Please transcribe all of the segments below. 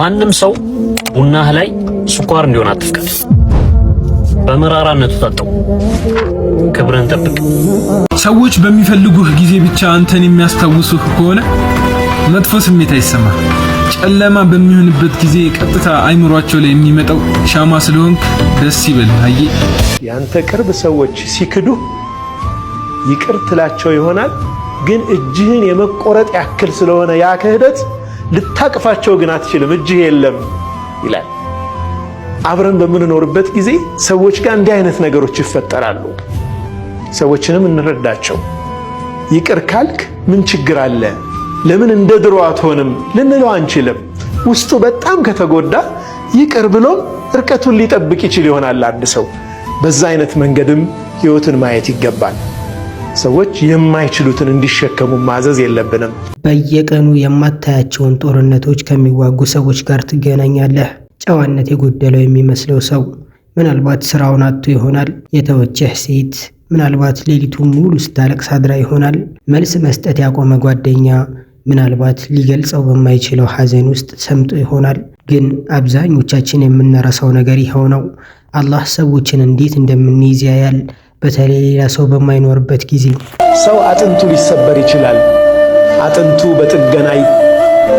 ማንም ሰው ቡናህ ላይ ስኳር እንዲሆን አትፍቀድ። በመራራነቱ ጠጣው፣ ክብርን ጠብቅ። ሰዎች በሚፈልጉህ ጊዜ ብቻ አንተን የሚያስታውሱህ ከሆነ መጥፎ ስሜት አይሰማ። ጨለማ በሚሆንበት ጊዜ ቀጥታ አይምሯቸው ላይ የሚመጣው ሻማ ስለሆንክ ደስ ይበል። አየ ያንተ ቅርብ ሰዎች ሲክዱ ይቅር ትላቸው ይሆናል፣ ግን እጅህን የመቆረጥ ያክል ስለሆነ ያ ክህደት ልታቅፋቸው ግን አትችልም፣ እጅህ የለም ይላል። አብረን በምንኖርበት ጊዜ ሰዎች ጋር እንዲህ አይነት ነገሮች ይፈጠራሉ። ሰዎችንም እንረዳቸው። ይቅር ካልክ ምን ችግር አለ? ለምን እንደ ድሮ አትሆንም ልንለው አንችልም። ውስጡ በጣም ከተጎዳ ይቅር ብሎም እርቀቱን ሊጠብቅ ይችል ይሆናል አንድ ሰው። በዛ አይነት መንገድም ህይወትን ማየት ይገባል። ሰዎች የማይችሉትን እንዲሸከሙ ማዘዝ የለብንም። በየቀኑ የማታያቸውን ጦርነቶች ከሚዋጉ ሰዎች ጋር ትገናኛለህ። ጨዋነት የጎደለው የሚመስለው ሰው ምናልባት ስራውን አጥቶ ይሆናል። የተወችህ ሴት ምናልባት ሌሊቱን ሙሉ ስታለቅስ አድራ ይሆናል። መልስ መስጠት ያቆመ ጓደኛ ምናልባት ሊገልጸው በማይችለው ሐዘን ውስጥ ሰምጦ ይሆናል። ግን አብዛኞቻችን የምንረሳው ነገር ይኸው ነው። አላህ ሰዎችን እንዴት እንደምንይዝ ያያል። በተለይ ሌላ ሰው በማይኖርበት ጊዜ ሰው አጥንቱ ሊሰበር ይችላል። አጥንቱ በጥገና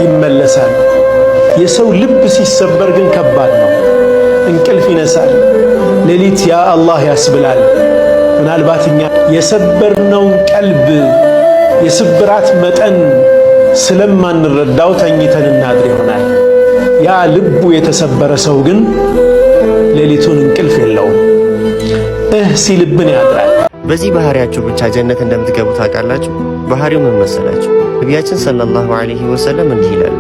ይመለሳል። የሰው ልብ ሲሰበር ግን ከባድ ነው። እንቅልፍ ይነሳል። ሌሊት ያ አላህ ያስብላል። ምናልባት እኛ የሰበርነውን ቀልብ የስብራት መጠን ስለማንረዳው ተኝተን እናድር ይሆናል። ያ ልቡ የተሰበረ ሰው ግን ሌሊቱን እንቅልፍ የለውም። እህ ሲልብን ያድራል። በዚህ ባህሪያቸው ብቻ ጀነት እንደምትገቡ ታውቃላችሁ። ባህሪው ምን መሰላችሁ? ነቢያችን ሰለላሁ ዐለይሂ ወሰለም እንዲህ ይላሉ፣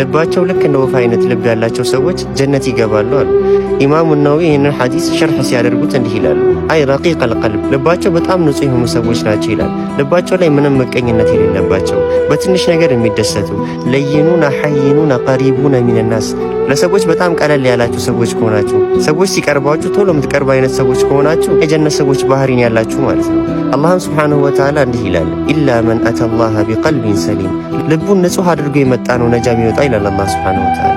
ልባቸው ልክ እንደ ወፍ አይነት ልብ ያላቸው ሰዎች ጀነት ይገባሉ አሉ። ኢማሙ ነዊ ይህንን ሐዲስ ሸርሕ ሲያደርጉት እንዲህ ይላሉ አይ ረቂቅ አልቀልብ ልባቸው በጣም ንጹህ የሆኑ ሰዎች ናቸው ይላል። ልባቸው ላይ ምንም መቀኝነት የሌለባቸው በትንሽ ነገር የሚደሰቱ ለይኑና ሐይኑና ቀሪቡና ሚንናስ ለሰዎች በጣም ቀለል ያላችሁ ሰዎች ከሆናችሁ ሰዎች ሲቀርባችሁ ቶሎ የምትቀርብ አይነት ሰዎች ከሆናችሁ የጀነት ሰዎች ባህሪን ያላችሁ ማለት ነው። አላህም ስብሓንሁ ወተዓላ እንዲህ ይላል፣ ኢላ መን አተላሃ ቢቀልቢን ሰሊም ልቡን ንጹህ አድርጎ የመጣ ነው ነጃ የሚወጣ ይላል አላህ ስብሓንሁ ወተዓላ።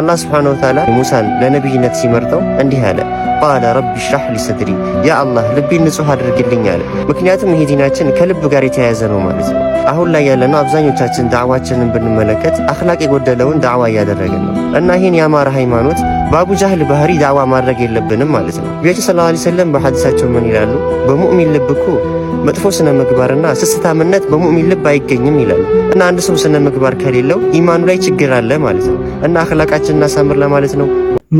አላህ ስብሓንሁ ወተዓላ ሙሳን ለነቢይነት ሲመርጠው እንዲህ አለ ቃለ ረቢ ሽራህ ሊ ሰድሪ ያ አላህ ልቤን ንጹሕ አድርግልኝ አለ። ምክንያቱም ይሄ ዲናችን ከልብ ጋር የተያያዘ ነው ማለት ነው። አሁን ላይ ያለነው አብዛኞቻችን ዳዕዋችንን ብንመለከት አኽላቅ የጎደለውን ዳዕዋ እያደረግን ነው እና ይህን የአማረ ሃይማኖት በአቡ ጃህል ባህሪ ዳዕዋ ማድረግ የለብንም ማለት ነው። ነቢያችን ሰለላሁ ዐለይሂ ወሰለም በሐዲሳቸው ምን ይላሉ? በሙእሚን ልብ እኮ መጥፎ ስነ ምግባርና ስስታምነት በሙእሚን ልብ አይገኝም ይላሉ። እና አንድ ሰው ስነ ምግባር ከሌለው ኢማኑ ላይ ችግር አለ ማለት ነው። እና አኽላቃችንን እናሳምር ለማለት ነው።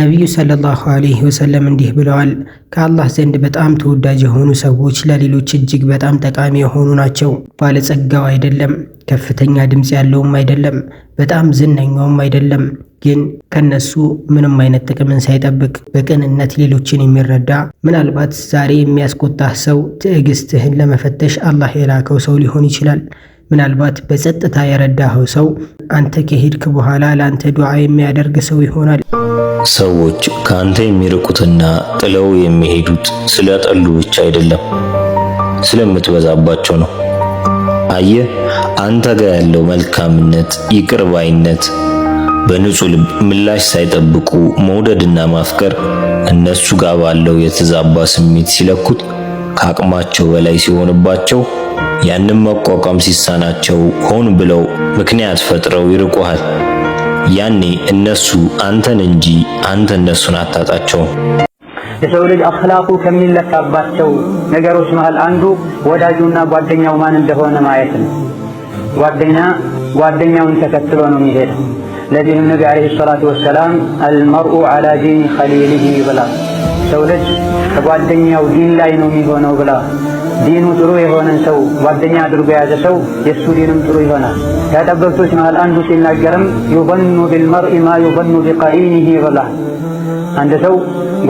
ነቢዩ ሰለላሁ አለይህ ወሰለም እንዲህ ብለዋል፣ ከአላህ ዘንድ በጣም ተወዳጅ የሆኑ ሰዎች ለሌሎች እጅግ በጣም ጠቃሚ የሆኑ ናቸው። ባለጸጋው አይደለም፣ ከፍተኛ ድምፅ ያለውም አይደለም፣ በጣም ዝነኛውም አይደለም። ግን ከነሱ ምንም አይነት ጥቅምን ሳይጠብቅ በቅንነት ሌሎችን የሚረዳ ምናልባት ዛሬ የሚያስቆጣህ ሰው ትዕግስትህን ለመፈተሽ አላህ የላከው ሰው ሊሆን ይችላል። ምናልባት በጸጥታ የረዳኸው ሰው አንተ ከሄድክ በኋላ ለአንተ ዱዓ የሚያደርግ ሰው ይሆናል። ሰዎች ከአንተ የሚርቁትና ጥለው የሚሄዱት ስለጠሉ ብቻ አይደለም፣ ስለምትበዛባቸው ነው። አየህ፣ አንተ ጋር ያለው መልካምነት፣ ይቅርባይነት፣ ባይነት፣ በንጹህ ልብ ምላሽ ሳይጠብቁ መውደድና ማፍቀር እነሱ ጋር ባለው የተዛባ ስሜት ሲለኩት ከአቅማቸው በላይ ሲሆንባቸው ያንም መቋቋም ሲሳናቸው ሆን ብለው ምክንያት ፈጥረው ይርቁሃል። ያኔ እነሱ አንተን እንጂ አንተ እነሱን አታጣቸውም። የሰው ልጅ አኽላቁ ከሚለካባቸው ነገሮች መሃል አንዱ ወዳጁና ጓደኛው ማን እንደሆነ ማየት ነው። ጓደኛ ጓደኛውን ተከትሎ ነው የሚሄደው። ለዚህም ነቢ ዓለይሂ ሰላቱ ወሰላም አልመርኡ ዐላ ዲኒ ኸሊሊሂ ብላ ሰው ልጅ ከጓደኛው ዲን ላይ ነው የሚሆነው ብላ ዲኑ ጥሩ የሆነን ሰው ጓደኛ አድርጎ የያዘ ሰው የእሱ ዲንም ጥሩ ይሆናል። ከጠበብቶች መሃል አንዱ ሲናገርም ዩበኑ ቢልመርኢ ማ ዩበኑ ቢቀሪኒሂ በላ አንድ ሰው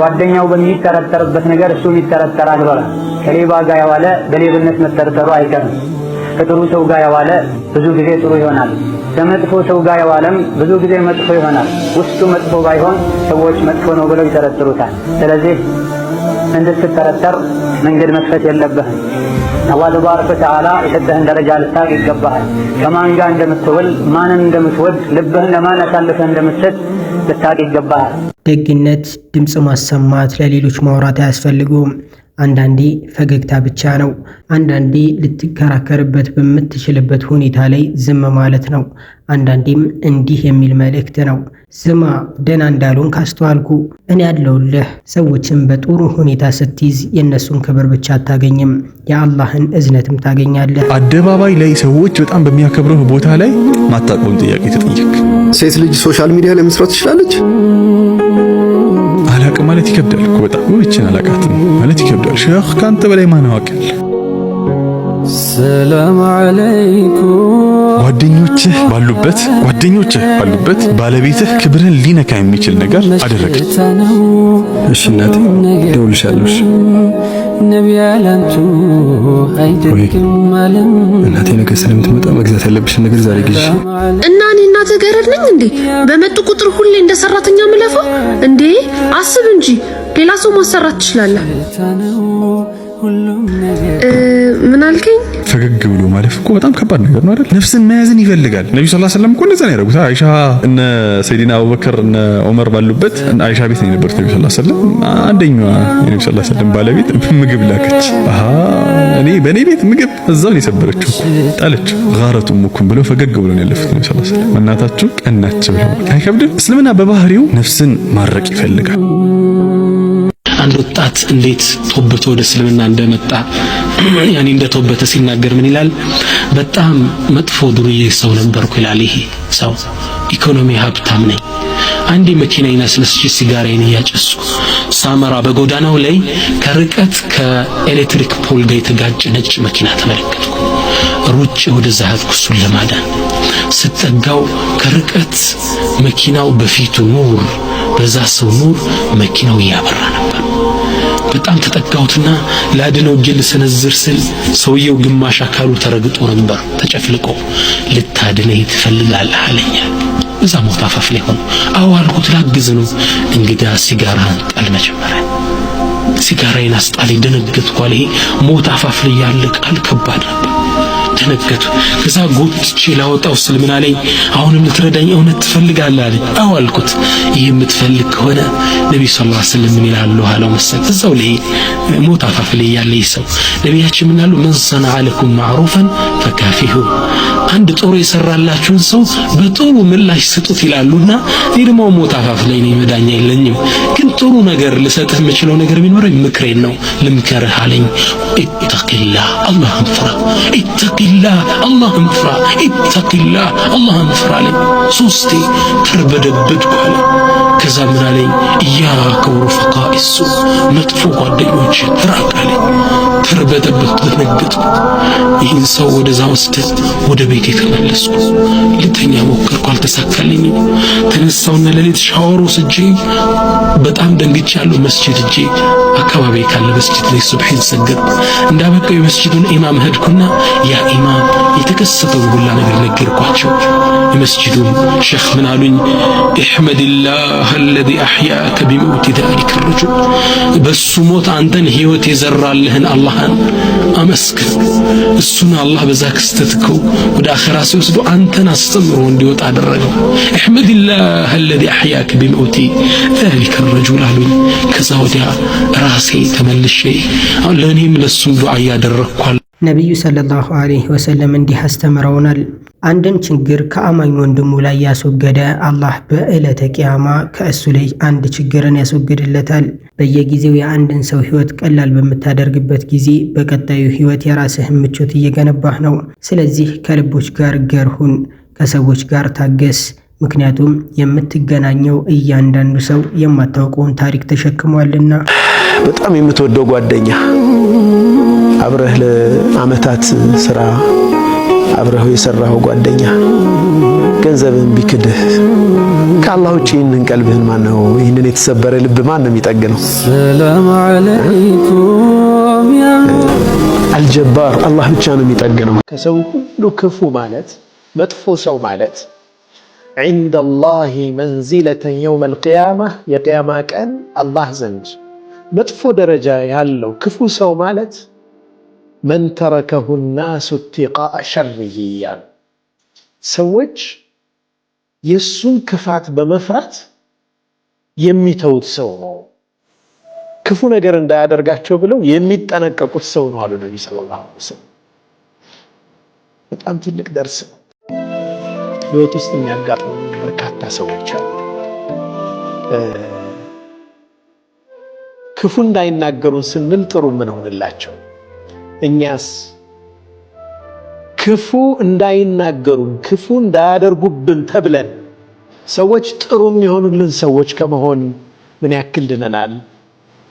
ጓደኛው በሚጠረጠርበት ነገር እሱም ይጠረጠራል በላ። ከሌባ ጋር የዋለ በሌብነት መጠርጠሩ አይቀርም። ከጥሩ ሰው ጋር የዋለ ብዙ ጊዜ ጥሩ ይሆናል። ከመጥፎ ሰው ጋር የዋለም ብዙ ጊዜ መጥፎ ይሆናል። ውስጡ መጥፎ ባይሆን ሰዎች መጥፎ ነው ብለው ይጠረጥሩታል። ስለዚህ እንድትጠረጠር መንገድ መክፈት የለብህም። አላህ ተባረከ ወተዓላ የሰጠህን ደረጃ ልታቅ ይገባሃል። ከማን ጋር እንደምትውል፣ ማንን እንደምትወድ፣ ልብህን ለማን አሳልፈህ እንደምትሰጥ ልታቅ ይገባሃል። ደግነት ድምፅ ማሰማት፣ ለሌሎች ማውራት አያስፈልገውም። አንዳንዴ ፈገግታ ብቻ ነው። አንዳንዴ ልትከራከርበት በምትችልበት ሁኔታ ላይ ዝም ማለት ነው። አንዳንዴም እንዲህ የሚል መልእክት ነው። ስማ ደና እንዳሉን ካስተዋልኩ እኔ ያለውልህ። ሰዎችን በጥሩ ሁኔታ ስትይዝ የእነሱን ክብር ብቻ አታገኝም፣ የአላህን እዝነትም ታገኛለህ። አደባባይ ላይ ሰዎች በጣም በሚያከብረው ቦታ ላይ ማታቆም ጥያቄ ተጠየቅ። ሴት ልጅ ሶሻል ሚዲያ ላይ መስራት ትችላለች? አላቅ ማለት ይከብዳል። በጣም ይችን አላቃትም ማለት ይከብዳል። ሼህ ከአንተ በላይ ማን ያውቃል? ሰላም አለይኩም ጓደኞችህ ባሉበት ጓደኞችህ ባሉበት ባለቤትህ ክብርን ሊነካ የሚችል ነገር አደረገች። እሺ እናቴ ደውልሻለሁ። እናቴ ነገ ስለምትመጣ መግዛት ያለብሽን ነገር ዛሬ ግዢ እና እኔ እናትህ ገረድ ነኝ እንዴ? በመጡ ቁጥር ሁሌ እንደ ሰራተኛ ምለፈው እንዴ? አስብ እንጂ ሌላ ሰው ማሰራት ትችላለህ። ምን አልከኝ? ፈገግ ብሎ ማለፍ እኮ በጣም ከባድ ነገር ነው አይደል? ነፍስን መያዝን ይፈልጋል። ነቢ ስ ስለም እኮ እንደዛ ነው ያደረጉት። አይሻ እነ ሰይዲና አቡበከር እነ ዑመር ባሉበት አይሻ ቤት ነው የነበሩት። ነቢ ስ ስለም አንደኛዋ የነቢ ስ ስለም ባለቤት ምግብ ላከች። እኔ በእኔ ቤት ምግብ እዛውን የሰበረችው ጣለች። ጋረቱ ሙኩም ብሎ ፈገግ ብሎ ነው ያለፉት ነቢ ስ ስለም። እናታችሁ ቀናች ብለው አይከብድም። እስልምና በባህሪው ነፍስን ማረቅ ይፈልጋል። አንድ ወጣት እንዴት ተወበተ ወደ እስልምና እንደመጣ ያኔ እንደተወበተ ሲናገር ምን ይላል? በጣም መጥፎ ዱርዬ ሰው ነበርኩ ይላል። ይሄ ሰው ኢኮኖሚ ሀብታም ነኝ። አንዴ መኪናዬን አስነስቼ ሲጋራዬን እያጨስኩ ሳመራ በጎዳናው ላይ ከርቀት ከኤሌክትሪክ ፖል ጋር የተጋጨ ነጭ መኪና ተመለከትኩ። ሩጭ ወደ ሄድኩ ኩሱን ለማዳን። ስጠጋው ከርቀት መኪናው በፊቱ ኑር፣ በዛ ሰው ኑር መኪናው እያበራ ነው። በጣም ተጠጋሁትና ላድነው እጄን ልሰነዝር ስል ሰውየው ግማሽ አካሉ ተረግጦ ነበር፣ ተጨፍልቆ ልታድነኝ ትፈልጋለህ አለኛ። እዛ ሞት አፋፍ ላይ ሆኖ አዎ አልኩት፣ ላግዝ ነው። እንግዳ ሲጋራህን ጣል መጀመሪያ። ሲጋራዬን አስጣለኝ፣ ደነገጥኩ። ይሄ ሞት አፋፍ ላይ ያለ ቃል ከባድ ነው። ደነገጡ። ከዛ ጎትቼ ላወጣው ስል ምን አለኝ? አሁንም ልትረዳኝ እውነት ትፈልጋለህ አለኝ። አዎ አልኩት። ይህ የምትፈልግ ከሆነ ነቢ ሰለላሁ ዐለይሂ ወሰለም ምን ይላሉ አለው መሰል እዛው ላይ ሞት አፋፍ ላይ ያለ ይህ ሰው ነቢያችን ምን አሉ? መን ሰነዐ ለኩም ማዕሩፈን ፈካፊሁ አንድ ጥሩ የሰራላችሁን ሰው በጥሩ ምላሽ ስጡት ይላሉና እኔ ደግሞ ሞት አፋፍ ላይ ነኝ፣ መዳኛ የለኝም። ግን ጥሩ ነገር ልሰጥህ የምችለው ነገር ቢኖረኝ ምክሬን ነው ልምከርህ አለኝ። ኢተቂላህ አላህን ፍራ ኢተቂላህ ኢተቂላ አላህን ፍራ፣ ኢተቂላ አላህን ፍራ አለኝ። ሶስቴ ተርበደበድኩ አለ። ከዛ ምን አለኝ? እያከ ወሩፈቃ እሱ መጥፎ ጓደኞች ራቅ አለኝ። ተርበተበት ደነገጥኩ። ይህን ሰው ወደዛ ወስደን ወደ ቤት የተመለስኩ ልተኛ ሞከርኩ፣ አልተሳካልኝም። ተነሳውና ለሌት ሻወር ወስጄ በጣም ደንግጬ ያለው መስጂድ እጄ አካባቢ ካለ መስጂድ ላይ ሱብሒን ሰገድ እንዳበቀው የመስጂዱን ኢማም ሄድኩና ያ ኢማም የተከሰተው ሁላ ነገር ነገርኳቸው። የመስጂዱን ሼኽ ምን አሉኝ? ኢሕመድላህ ለዚ አሕያከ ቢመውቲ ዛሊከ ረጁል በሱ ሞት አንተን ሕይወት የዘራልህን አላህን አመስግን። እሱን አላህ በዛ ክስተት ወደ አኸራ ሲወስዶ አንተን አስተምሮ እንዲወጣ አደረገው። አሕመድላህ ለዚ አሕያከ ቢመውቲ ዛሊከ ረጁል አሉኝ። ከዛ ወዲያ ራሴ ተመልሼ ለእኔም ለእሱም ዱዓ እያደረግኳል። ነቢዩ ሰለላሁ ዐለይሂ ወሰለም እንዲህ አስተምረውናል። አንድን ችግር ከአማኝ ወንድሙ ላይ ያስወገደ አላህ በዕለተ ቂያማ ከእሱ ላይ አንድ ችግርን ያስወግድለታል። በየጊዜው የአንድን ሰው ህይወት ቀላል በምታደርግበት ጊዜ በቀጣዩ ህይወት የራስህን ምቾት እየገነባህ ነው። ስለዚህ ከልቦች ጋር ገርሁን ከሰዎች ጋር ታገስ። ምክንያቱም የምትገናኘው እያንዳንዱ ሰው የማታውቀውን ታሪክ ተሸክሟልና። በጣም የምትወደው ጓደኛ አብረህ ለአመታት ስራ አብረኸው የሰራው ጓደኛ ገንዘብን ቢክድህ ከአላህ ውጭ ይህንን ቀልብህን ማን ነው? ይህንን የተሰበረ ልብ ማን ነው የሚጠግነው? አልጀባር አላህ ብቻ ነው የሚጠግነው። ከሰው ሁሉ ክፉ ማለት መጥፎ ሰው ማለት ዒንደላሂ መንዚለተን የውመል ቂያማ የቅያማ ቀን አላህ ዘንድ መጥፎ ደረጃ ያለው ክፉ ሰው ማለት መን ተረከሁ ናሱ ኢብቲቃእ ሸርህ እያሉ ሰዎች የእሱን ክፋት በመፍራት የሚተውት ሰው ነው። ክፉ ነገር እንዳያደርጋቸው ብለው የሚጠነቀቁት ሰው ነው አሉ ነቢ ሰለላሁ ዐለይሂ ወሰለም። በጣም ትልቅ ደርስ ነው። ህይወት ውስጥ የሚያጋጥሙ በርካታ ሰዎች አሉ። ክፉ እንዳይናገሩን ስንል ጥሩ ምን ሆንላቸው? እኛስ ክፉ እንዳይናገሩን ክፉ እንዳያደርጉብን ተብለን ሰዎች ጥሩ የሚሆኑልን ሰዎች ከመሆን ምን ያክል ድነናል?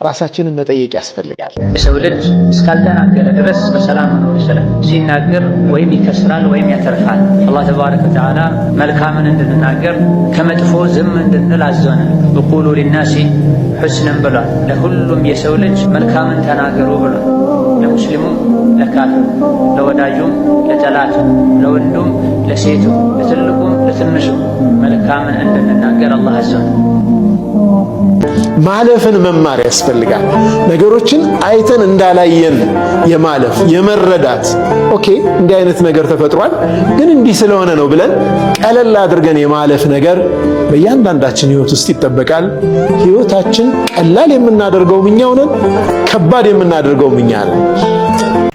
ራሳችንን መጠየቅ ያስፈልጋል። የሰው ልጅ እስካልተናገረ ድረስ በሰላም መኖር ይችላል። ሲናገር ወይም ይከስራል ወይም ያተርፋል። አላህ ተባረከ ወተዓላ መልካምን እንድንናገር ከመጥፎ ዝም እንድንል አዘነ። ቁሉ ሊናሲ ሑስነን ብሏል። ለሁሉም የሰው ልጅ መልካምን ተናገሩ ብሏል። ለሙስሊሙም ለካፍር ለወዳጁም ለጠላት ለወንዱም ለሴቱም ለትልቁም ለትንሹም መልካምን እንድንናገር አላህ አዘነ። ማለፍን መማር ያስፈልጋል። ነገሮችን አይተን እንዳላየን የማለፍ የመረዳት ኦኬ፣ እንዲህ አይነት ነገር ተፈጥሯል፣ ግን እንዲህ ስለሆነ ነው ብለን ቀለል አድርገን የማለፍ ነገር በእያንዳንዳችን ህይወት ውስጥ ይጠበቃል። ህይወታችን ቀላል የምናደርገው እኛው ነን፣ ከባድ የምናደርገው እኛ ነን።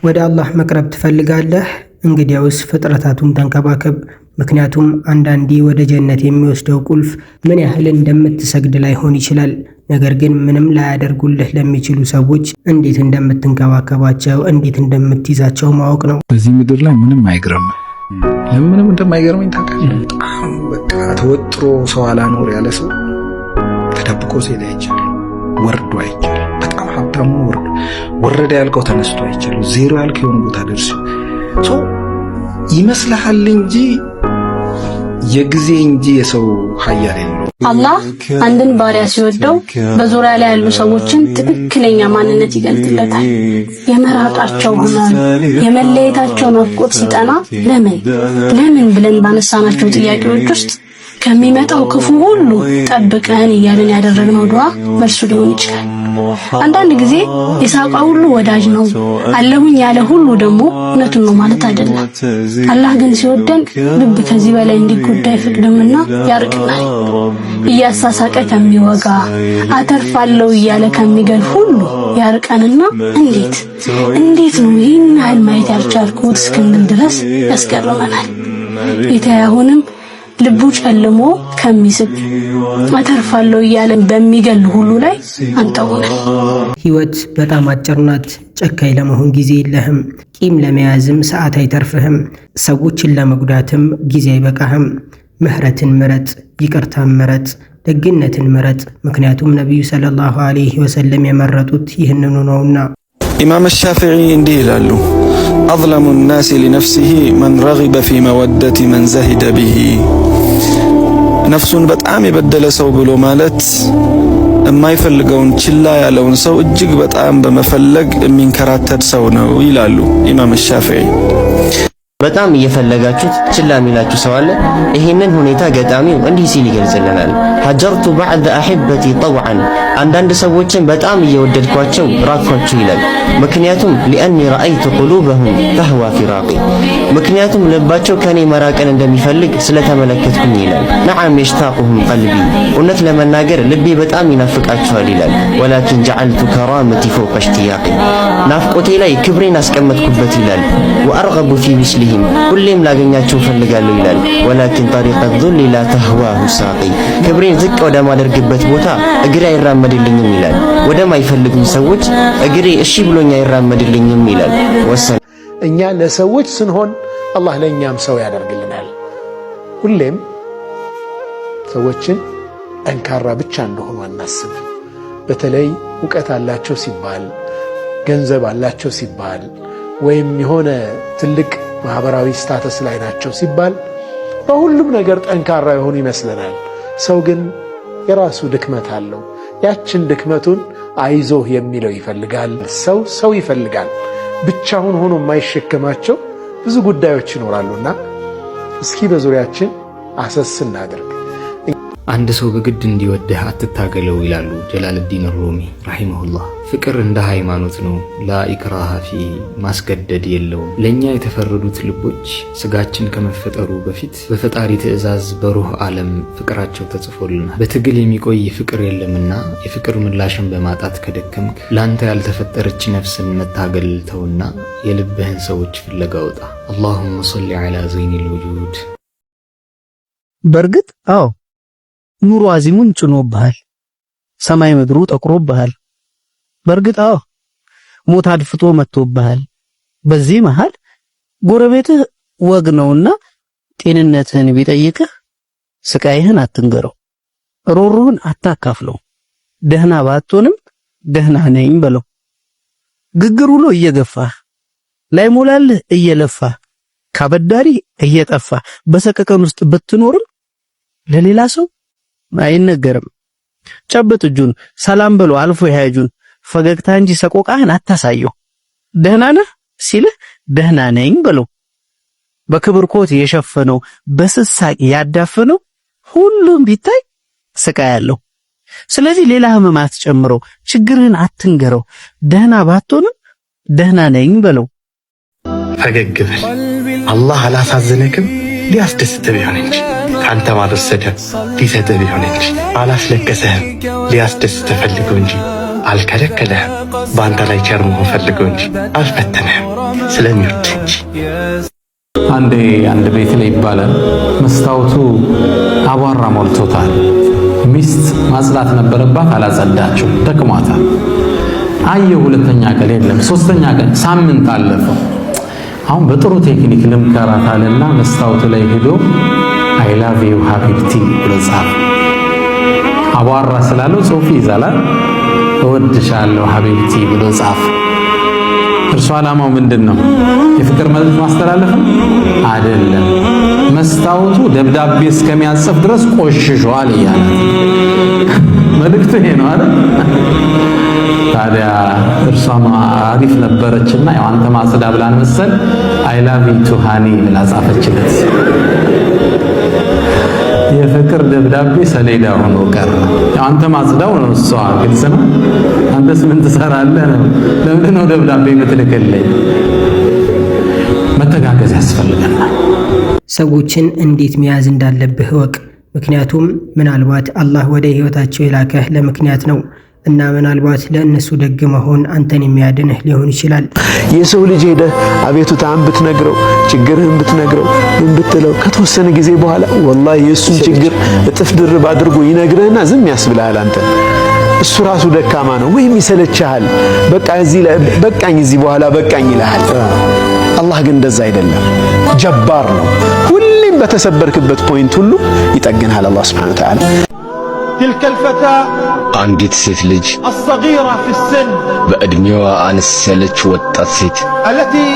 ወደ አላህ መቅረብ ትፈልጋለህ? እንግዲያውስ ፍጥረታቱን ተንከባከብ። ምክንያቱም አንዳንዴ ወደ ጀነት የሚወስደው ቁልፍ ምን ያህል እንደምትሰግድ ላይሆን ይችላል። ነገር ግን ምንም ላያደርጉልህ ለሚችሉ ሰዎች እንዴት እንደምትንከባከባቸው፣ እንዴት እንደምትይዛቸው ማወቅ ነው። በዚህ ምድር ላይ ምንም አይገርምም። ለምንም እንደማይገርመኝ ታውቃለህ። በጣም ተወጥሮ ሰው አላኖር ያለ ሰው ተደብቆ ሲል አይቻልም፣ ወርዶ አይቻልም። በጣም ሀብታሙ ወርዶ ወረደ ያልከው ተነስቶ አይቻልም። ዜሮ ያልከው የሆነ ቦታ ደርሶ ይመስልሃል እንጂ የጊዜ እንጂ የሰው ሀያል የለው። አላህ አንድን ባሪያ ሲወደው በዙሪያ ላይ ያሉ ሰዎችን ትክክለኛ ማንነት ይገልጥለታል። የመራቃቸው ህመም፣ የመለየታቸው ናፍቆት ሲጠና ለምን ለምን ብለን ባነሳናቸው ጥያቄዎች ውስጥ ከሚመጣው ክፉ ሁሉ ጠብቀን እያልን ያደረግነው ዱዓ መልሱ ሊሆን ይችላል። አንዳንድ ጊዜ የሳቀ ሁሉ ወዳጅ ነው አለሁኝ ያለ ሁሉ ደግሞ እውነቱን ነው ማለት አይደለም። አላህ ግን ሲወደን ልብ ከዚህ በላይ እንዲጎዳ አይፈቅድምና ያርቅናል። እያሳሳቀ ከሚወጋ አተርፋለሁ እያለ ከሚገል ሁሉ ያርቀንና እንዴት እንዴት ነው ይህን ያህል ማየት ያልቻልኩት እስክንል ድረስ ያስገርመናል። ጌታዬ አሁንም ልቡ ጨልሞ ከሚስብ አተርፋለሁ እያለን በሚገል ሁሉ ላይ አንተውነን። ህይወት በጣም አጭር ናት። ጨካኝ ለመሆን ጊዜ የለህም። ቂም ለመያዝም ሰዓት አይተርፍህም። ሰዎችን ለመጉዳትም ጊዜ አይበቃህም። ምህረትን ምረጥ፣ ይቅርታን ምረጥ፣ ደግነትን ምረጥ። ምክንያቱም ነቢዩ ሰለላሁ ዐለይሂ ወሰለም የመረጡት ይህንኑ ነውና። ኢማም ሻፊዒ እንዲህ ይላሉ አዝለሙ ናሲ ሊነፍሲሂ መን ረግበ ፊ መወደቲ መን ዘሂደ ቢሂ ነፍሱን በጣም የበደለ ሰው ብሎ ማለት የማይፈልገውን ችላ ያለውን ሰው እጅግ በጣም በመፈለግ የሚንከራተት ሰው ነው ይላሉ ኢማም ሻፊዒ። በጣም እየፈለጋችሁት ችላ የሚላችሁ ሰው አለ። ይህንን ሁኔታ ገጣሚው እንዲህ ሲል ይገልጽልናል። ሀጀርቱ ባዕደ አሕበቲ ጠውዓን፣ አንዳንድ ሰዎችን በጣም እየወደድኳቸው ራኳቸው ይላል። ምክንያቱም ሊአኒ ረአይቱ ቁሉበሁም ተህዋ ፊራቂ ምክንያቱም ልባቸው ከኔ መራቅን እንደሚፈልግ ስለተመለከትኩኝ ይላል። ነዓም የሽታቁሁም ቀልቢ እውነት ለመናገር ልቤ በጣም ይናፍቃቸዋል ይላል። ወላኪን ጀዐልቱ ከራመቲ ፎቀ እሽትያቂ ናፍቆቴ ላይ ክብሬን አስቀመጥኩበት ይላል። ወአርገቡ ፊ ምስሊሂም ሁሌም ላገኛቸው ፈልጋለሁ ይላል። ወላኪን ጠሪቀ ዙሊ ላ ተህዋሁ ሳቂ ክብሬን ዝቅ ወደማደርግበት ቦታ እግሬ አይራመድልኝም ይላል። ወደማይፈልጉኝ ሰዎች እግሬ እሺ ብሎ ብሎኝ አይራመድልኝም ይላል። ወሰን እኛ ለሰዎች ስንሆን አላህ ለእኛም ሰው ያደርግልናል። ሁሌም ሰዎችን ጠንካራ ብቻ እንደሆኑ አናስብ። በተለይ እውቀት አላቸው ሲባል፣ ገንዘብ አላቸው ሲባል፣ ወይም የሆነ ትልቅ ማህበራዊ ስታተስ ላይ ናቸው ሲባል በሁሉም ነገር ጠንካራ የሆኑ ይመስለናል። ሰው ግን የራሱ ድክመት አለው። ያችን ድክመቱን አይዞህ የሚለው ይፈልጋል። ሰው ሰው ይፈልጋል። ብቻውን ሆኖ የማይሸከማቸው ብዙ ጉዳዮች ይኖራሉና እስኪ በዙሪያችን አሰስ እናድርግ። አንድ ሰው በግድ እንዲወድህ አትታገለው ይላሉ ጀላልዲን ሩሚ ራሂመሁላህ። ፍቅር እንደ ሃይማኖት ነው። ላኢክራሃ ፊ ማስገደድ የለውም። ለእኛ የተፈረዱት ልቦች ስጋችን ከመፈጠሩ በፊት በፈጣሪ ትእዛዝ በሩህ ዓለም ፍቅራቸው ተጽፎልናል። በትግል የሚቆይ ፍቅር የለምና የፍቅር ምላሽን በማጣት ከደከምክ ለአንተ ያልተፈጠረች ነፍስን መታገል ተውና የልብህን ሰዎች ፍለጋ ውጣ። አላሁመ ሰሊ ዐላ ዘይኒል ልውጁድ። በእርግጥ አዎ ኑሮ አዚሙን ጭኖብሃል፣ ሰማይ ምድሩ ጠቁሮብሃል። በእርግጥ አዎ ሞት አድፍጦ መጥቶብሃል። በዚህ መሃል ጎረቤትህ ወግ ነውና ጤንነትህን ቢጠይቅህ ስቃይህን አትንገረው፣ ሮሮህን አታካፍለው። ደህና ባትሆንም ደህና ነኝ በለው። ግግር ውሎ እየገፋህ ላይ ሞላልህ እየለፋህ ካበዳሪ እየጠፋ በሰቀቀን ውስጥ ብትኖርም ለሌላ ሰው አይነገርም። ጨብጥ እጁን ሰላም በለው አልፎ ያጁን ፈገግታ እንጂ ሰቆቃህን አታሳየው። ደህና ነህ ሲልህ ደህና ነኝ በለው። በክብር ኮት የሸፈነው በስሳቅ ያዳፈነው ሁሉም ቢታይ ስቃ ያለው። ስለዚህ ሌላ ህመም አትጨምረው፣ ችግርህን አትንገረው። ደህና ባትሆንም ደህና ነኝ በለው። ፈገግ በል። አላህ አላሳዘነክም። ሊያስደስት ቢሆን እንጂ ካንተ ማልወሰደ ሊሰጥ ቢሆን እንጂ አላስለቀሰህም ሊያስደስት ፈልገው እንጂ አልከለከለህም። በአንተ ላይ ቸር መሆን ፈልገው እንጂ አልፈተነህም ስለሚወድ እንጂ። አንዴ አንድ ቤት ላይ ይባላል መስታወቱ አቧራ ሞልቶታል። ሚስት ማጽዳት ነበረባት፣ አላጸዳችው፣ ደክሟታል። አየሁ ሁለተኛ ቀን የለም፣ ሶስተኛ ቀን፣ ሳምንት አለፈው። አሁን በጥሩ ቴክኒክ ልምከራት አለና መስታወቱ ላይ ሄዶ አይ ላቭ ዩ ሀቢብቲ ብሎ ጻፈ። አቧራ ስላለው ጽሑፍ ይዛላል። እወድሻለሁ ሀቢብቲ ብሎ ጻፈ። እርሱ ዓላማው ምንድን ነው? የፍቅር መልእክት ማስተላለፍ አይደለም። መስታወቱ ደብዳቤ እስከሚያጽፍ ድረስ ቆሽሿል እያለ መልእክቱ ይሄ ነው አይደል? ታዲያ እርሷ አሪፍ ነበረችና ያው አንተ ማጽዳ ብላን መሰል አይ ላቭ ዩ ቱ ሃኒ ብላ ጻፈችለት። የፍቅር ደብዳቤ ሰሌዳ ሆኖ ቀረ። አንተ ማጽዳው ነው እሷ ግልጽ ነው። አንተስ ምን ትሰራለህ ነው። ለምንድን ነው ደብዳቤ የምትልክልኝ? መተጋገዝ ያስፈልገናል። ሰዎችን እንዴት መያዝ እንዳለብህ እወቅ። ምክንያቱም ምናልባት አላህ ወደ ህይወታቸው የላከህ ለምክንያት ነው። እና ምናልባት ለእነሱ ደግ መሆን አንተን የሚያድንህ ሊሆን ይችላል። የሰው ልጅ ሄደህ አቤቱታህን ብትነግረው፣ ችግርህን ብትነግረው፣ ምን ብትለው ከተወሰነ ጊዜ በኋላ ወላሂ የእሱን ችግር እጥፍ ድርብ አድርጎ ይነግርህና ዝም ያስብልሃል። አንተ እሱ ራሱ ደካማ ነው ወይም ይሰለችሃል። በቃ በቃኝ እዚህ በኋላ በቃኝ ይልሃል። አላህ ግን እንደዛ አይደለም፣ ጀባር ነው። ሁሌም በተሰበርክበት ፖይንት ሁሉ ይጠግንሃል አላህ ሱብሓነሁ ወተዓላ። تلك الفتاة عندي ሴት الصغيرة في السن በእድሜዋ عن السلج ሴት التي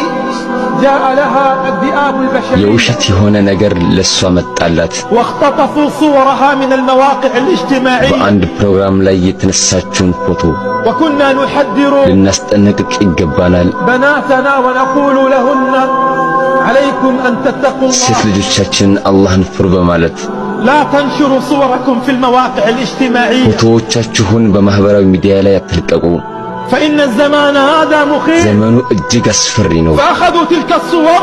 جاء لها الذئاب البشرية የውሸት هنا ነገር لسوة መጣላት واختطفوا صورها من المواقع الاجتماعية عند بروغرام ላይ የተነሳችውን فوتو وكنا نحذر ልናስጠነቅቅ ይገባናል بناتنا ونقول لهن عليكم أن تتقوا الله ሴት ልጆቻችን አላህን ፍሩ ላተንሽሩ ሱወረኩም ፊል መዋቂዕ ልእጅትማዕያ ፎቶዎቻችሁን በማኅበራዊ ሚዲያ ላይ አትልቀቁ። ፈኢነ ዘማነ ሃዛ ሙኺር ዘመኑ እጅግ አስፈሪ ነው። ፈአኸዙ ትልከ ሱወር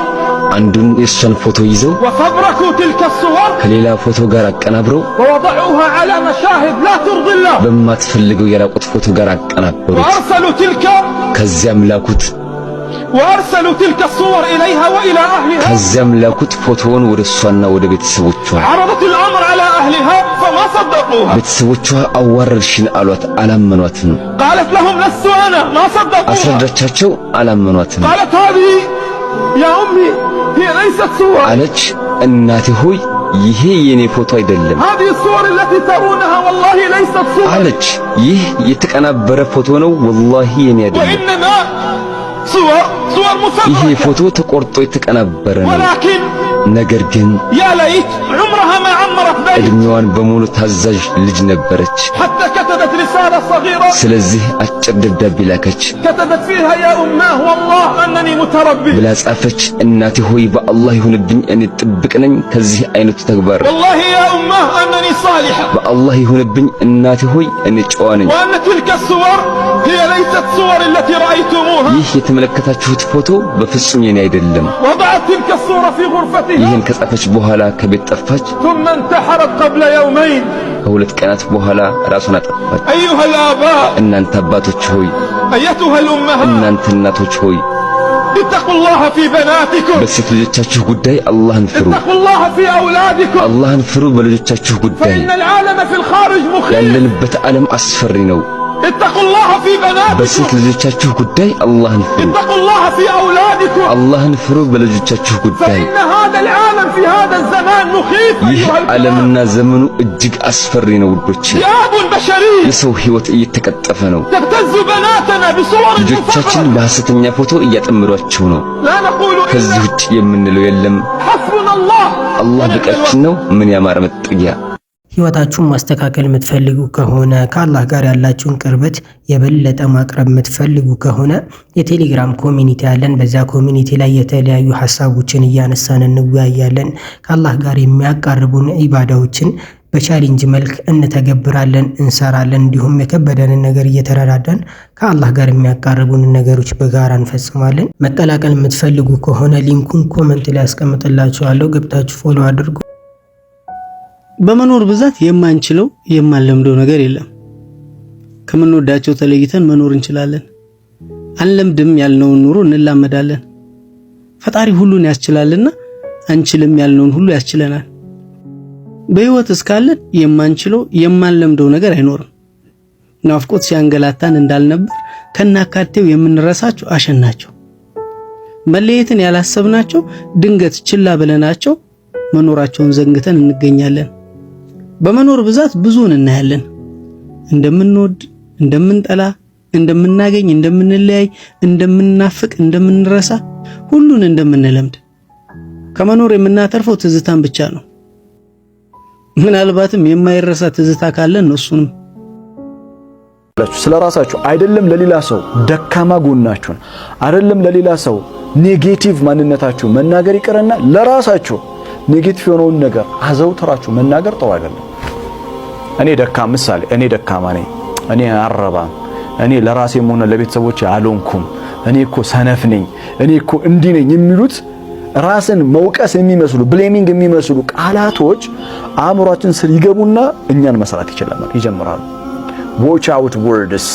አንዱን የእሷን ፎቶ ይዘው ወፈብረኩ ትልከ ሱወር ከሌላ ፎቶ ጋር አቀናብረው ወወضዑሃ ዐላ መሻሂድ ላ ትርዲላህ በማትፈልገው የራቁት ፎቶ ጋር አቀናበሩት። ወአርሰሉ ትልከ ከዚያም ላኩት ወአርሰሉ تلك الصور اليها والى اهلها ከዚያም ላኩት ፎቶውን ወደ እሷና ወደ ቤተሰቦቿ عرضت الامر على اهلها فما صدقوها ቤተሰቦቿ አዋረድሽን አሏት፣ አላመኗትም። قالت لهم لست انا ما صدقوها አስረዳቻቸው፣ አላመኗትም። قالت هذه يا امي هي ليست صور አለች፣ እናቴ ሆይ ይሄ የኔ ፎቶ አይደለም አለች። ይህ የተቀናበረ ፎቶ ነው፣ ወላሂ የኔ አይደለም ይሄ ፎቶ ተቆርጦ የተቀናበረ ነው። ነገር ግን ዕድሜዋን በሙሉ ታዛዥ ልጅ ነበረች። ስለዚህ አጭር ደብዳቤ ላከች ብላ ጻፈች። እናቴ ሆይ በአላህ ይሁንብኝ፣ እኔ ጥብቅ ነኝ ከዚህ አይነቱ ተግባር በአላህ ይሁንብኝ እናቴ ሆይ እኔ ጨዋ ነኝ። ይህ የተመለከታችሁት ፎቶ በፍጹም የኔ አይደለም። ይህን ከጻፈች በኋላ ከቤት ጠፋች። ከሁለት ቀናት በኋላ ራሱን አጠፋች። እናንተ አባቶች ሆይ፣ እናንተ እናቶች ሆይ اتقوا الله في بناتكم بس في ልጆቻችሁ قداي الله ፍሩ اتقوا الله في اولادكم አላህን ፍሩ በልጆቻችሁ قداي فإن العالم في الخارج مخيف ያለንበት ዓለም አስፈሪ ነው በሴት ልጆቻችሁ ጉዳይ አላህን ፍሩ። አላህን ፍሩ በልጆቻችሁ ጉዳይ። ይህ ዓለምና ዘመኑ እጅግ አስፈሪ ነው ውዶች። የሰው ሕይወት እየተቀጠፈ ነው። ልጆቻችን በሐሰተኛ ፎቶ እያጠምዷቸው ነው። ከዚህ ውጭ የምንለው የለም። አላህ በቂያችን ነው። ምን ያማረ መጠጊያ ህይወታችሁን ማስተካከል የምትፈልጉ ከሆነ ከአላህ ጋር ያላችሁን ቅርበት የበለጠ ማቅረብ የምትፈልጉ ከሆነ የቴሌግራም ኮሚኒቲ አለን በዛ ኮሚኒቲ ላይ የተለያዩ ሀሳቦችን እያነሳን እንወያያለን። ከአላህ ጋር የሚያቃርቡን ኢባዳዎችን በቻሌንጅ መልክ እንተገብራለን፣ እንሰራለን። እንዲሁም የከበደንን ነገር እየተረዳዳን ከአላህ ጋር የሚያቃርቡን ነገሮች በጋራ እንፈጽማለን። መቀላቀል የምትፈልጉ ከሆነ ሊንኩን ኮመንት ላይ ያስቀምጥላችኋለሁ። ገብታችሁ ፎሎ አድርጉ። በመኖር ብዛት የማንችለው የማንለምደው ነገር የለም። ከምንወዳቸው ተለይተን መኖር እንችላለን። አንለምድም ያልነውን ኑሮ እንላመዳለን። ፈጣሪ ሁሉን ያስችላልና አንችልም ያልነውን ሁሉ ያስችለናል። በህይወት እስካለን የማንችለው የማንለምደው ነገር አይኖርም። ናፍቆት ሲያንገላታን እንዳልነበር ከናካቴው የምንረሳቸው አሸናቸው መለየትን ያላሰብናቸው ድንገት ችላ ብለናቸው መኖራቸውን ዘንግተን እንገኛለን። በመኖር ብዛት ብዙውን እናያለን። እንደምንወድ፣ እንደምንጠላ፣ እንደምናገኝ፣ እንደምንለያይ፣ እንደምንናፍቅ፣ እንደምንረሳ፣ ሁሉን እንደምንለምድ ከመኖር የምናተርፈው ትዝታን ብቻ ነው። ምናልባትም የማይረሳ ትዝታ ካለን እሱንም ስለ ራሳችሁ አይደለም ለሌላ ሰው ደካማ ጎናችሁን አይደለም ለሌላ ሰው ኔጌቲቭ ማንነታችሁ መናገር ይቅርና ለራሳችሁ ኔጌቲቭ የሆነውን ነገር አዘውትራችሁ መናገር ጠው አይደለም። እኔ ደካም ምሳሌ እኔ ደካማ ነኝ፣ እኔ አረባም፣ እኔ ለራሴም ሆነ ለቤተሰቦች አልሆንኩም፣ እኔ እኮ ሰነፍ ነኝ፣ እኔ እኮ እንዲህ ነኝ የሚሉት ራስን መውቀስ የሚመስሉ ብሌሚንግ የሚመስሉ ቃላቶች አእምሯችን ስር ይገቡና እኛን መስራት ይችላል ይጀምራሉ። ዎች አውት ወርድስ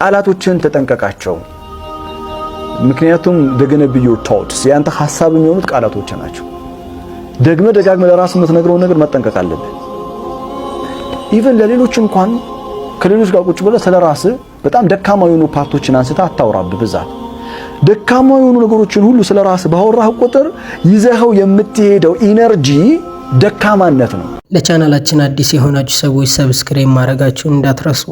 ቃላቶችን ተጠንቀቃቸው። ምክንያቱም ደግነብዩ ታውትስ የአንተ ሀሳብ የሚሆኑት ቃላቶች ናቸው። ደግመ ደጋግመ ለራስ የምትነግረውን ነገር መጠንቀቅ አለብን። ኢቨን ለሌሎች እንኳን ከሌሎች ጋር ቁጭ ብለህ ስለ ራስህ በጣም ደካማ የሆኑ ፓርቶችን አንስተህ አታውራብ ብዛት ደካማ የሆኑ ነገሮችን ሁሉ ስለ ራስህ ባወራህ ቁጥር ይዘኸው የምትሄደው ኢነርጂ ደካማነት ነው። ለቻናላችን አዲስ የሆናችሁ ሰዎች ሰብስክራይብ ማድረጋችሁን እንዳትረሱ።